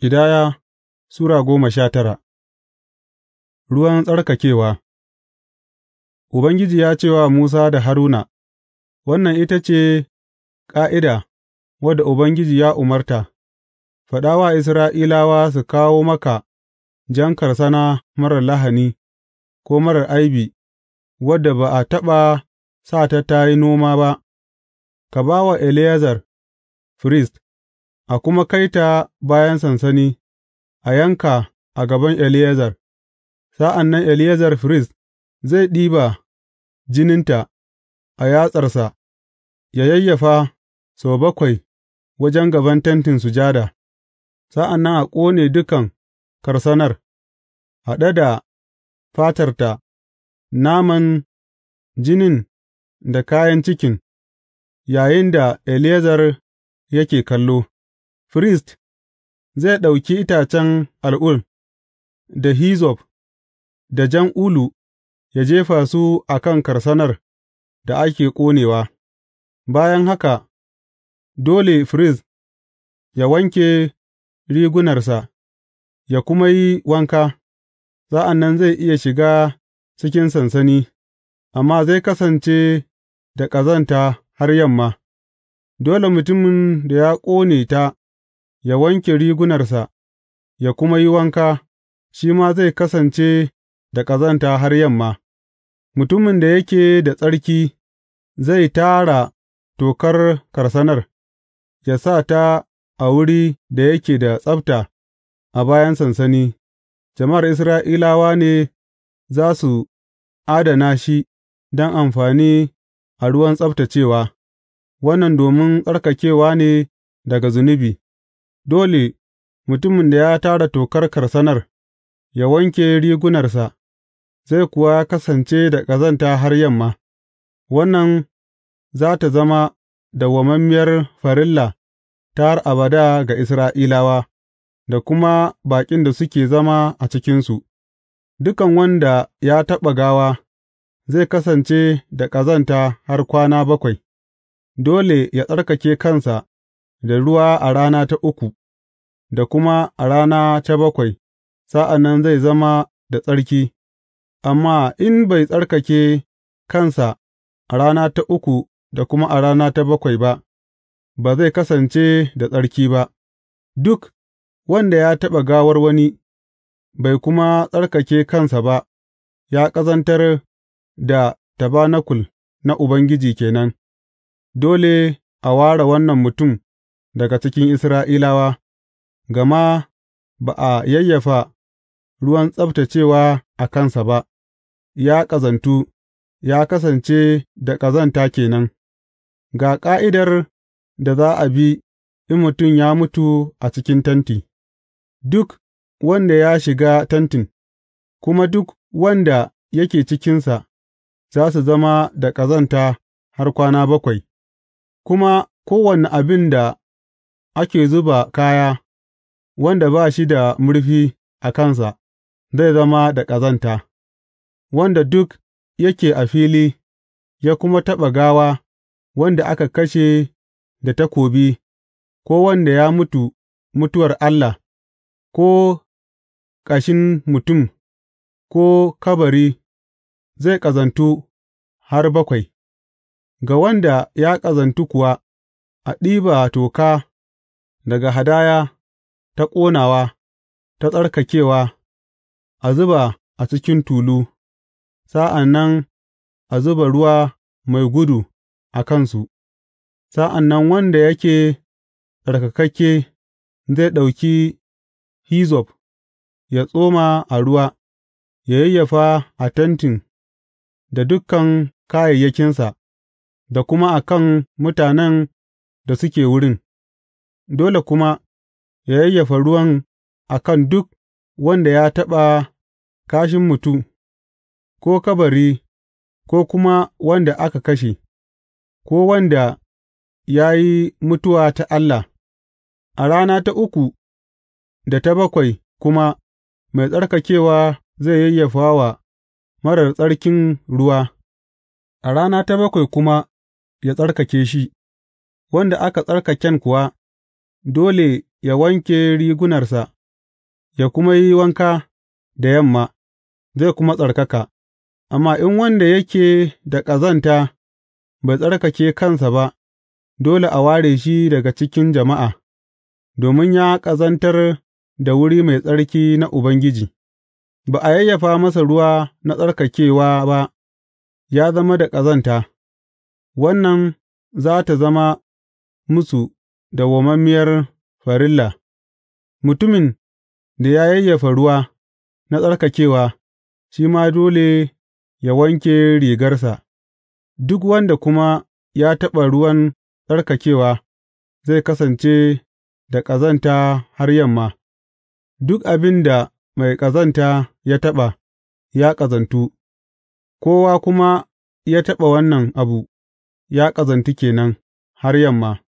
Ƙidaya Sura goma sha tara Ruwan tsarkakewa Ubangiji ya ce wa Musa da Haruna, Wannan ita ce ƙa'ida wadda Ubangiji ya umarta, faɗa wa Isra'ilawa su kawo maka jan karsana marar lahani ko marar aibi, wadda ba a taɓa sa ta tayi yi noma ba, ka ba wa Eleyazar, firist. a kuma kai ta bayan sansani, a yanka a gaban Eleyazar, sa'an nan Eleyazar firist zai ɗiba jininta a yatsarsa, ya yayyafa sau bakwai wajen gaban Tentin Sujada, sa'an nan a ƙone dukan karsanar, haɗe da fatarta, naman, jinin da kayan cikin, yayin da Eleyazar yake kallo. firist zai ɗauki itacen al'ul, da hizzob, da jan ulu ya jefa su a kan karsanar da ake ƙonewa, bayan haka, dole firist ya wanke rigunarsa, ya kuma yi wanka, sa'an nan zai iya shiga cikin sansani, amma zai kasance da ƙazanta har yamma, dole mutumin da ya ƙone ta. yă wanke rigunarsa, yă kuma yi wanka, shi ma zai kasance da ƙazanta har yamma. Mutumin da yake da tsarki zai tara tokar karsanar, Ya sa ta a wuri da yake da tsabta a bayan sansani, jama'ar Isra'ilawa ne za su adana shi don amfani a ruwan tsabtacewa wannan domin tsarkakewa ne daga zunubi. dole mutumin da ya tara tokar karsanar ya wanke rigunarsa, zai kuwa kasance da ƙazanta har yamma, wannan za tă zama dawwammamiyar farilla ta har abada ga Isra'ilawa, da kuma baƙin da suke zama a cikinsu, dukan wanda ya taɓa gawa zai kasance da ƙazanta har kwana bakwai, dole ya tsarkake kansa da ruwa a rana ta uku. da kuma a rana ta bakwai, sa'an nan zai zama da tsarki, amma in bai tsarkake kansa a rana ta uku da kuma a rana ta bakwai ba, ba zai kasance da tsarki ba, duk wanda ya taɓa gawar wani, bai kuma tsarkake kansa ba, ya ƙazantar da tabanakul na Ubangiji kenan. dole a ware wannan mutum daga cikin Isra'ilawa. gama ba a yayyafa ruwan tsabtaccewa a kansa ba, ya ƙazantu, ya kasance da ƙazanta ke nan, ga ƙa'idar da za a bi in mutum ya mutu a cikin tenti, duk wanda ya shiga tentin, kuma duk wanda yake cikinsa za su zama da ƙazanta har kwana bakwai, kuma kowane abin da ake zuba kaya wanda ba shi da murfi a kansa zai zama da ƙazanta, wanda duk yake a fili ya kuma taɓa gawa wanda aka kashe da takobi, ko wanda ya mutu mutuwar Allah, ko ƙashin mutum, ko kabari, zai ƙazantu har bakwai, ga wanda ya ƙazantu kuwa a ɗiba toka daga hadaya ta ƙonawa, ta tsarkakewa, a zuba a cikin tulu, sa'an nan a zuba ruwa mai gudu a kansu, sa'an nan wanda yake tsarkakakke zai ɗauki hizzob ya tsoma a ruwa, ya yayyafa a tentin da dukan kayayyakinsa, da kuma a kan mutanen da suke wurin, dole kuma. ya yayyafa ruwan a kan duk wanda ya taɓa kashin mutu, ko kabari, ko kuma wanda aka kashe, ko wanda ya yi mutuwa ta Allah, a rana ta uku da ta bakwai kuma mai tsarkakewa zai yayyafa wa marar tsarkin ruwa, a rana ta bakwai kuma ya tsarkake shi, wanda aka tsarkaken kuwa dole yă wanke rigunarsa, yă kuma yi wanka da yamma, zai kuma tsarkaka, amma in wanda yake da ƙazanta bai tsarkake kansa ba, dole a ware shi daga cikin jama'a, domin ya ƙazantar da wuri mai tsarki na Ubangiji, ba a yayyafa masa ruwa na tsarkakewa ba, ya zama da ƙazanta, wannan za ta zama musu dawwammamiyar Farilla Mutumin da ya yayyafa ruwa na tsarkakewa, shi ma dole ya wanke rigarsa, duk wanda kuma ya taɓa ruwan tsarkakewa zai kasance da ƙazanta har yamma; duk abin da mai ƙazanta ya taɓa, ya ƙazantu, kowa kuma ya taɓa wannan abu, ya ƙazantu kenan har yamma.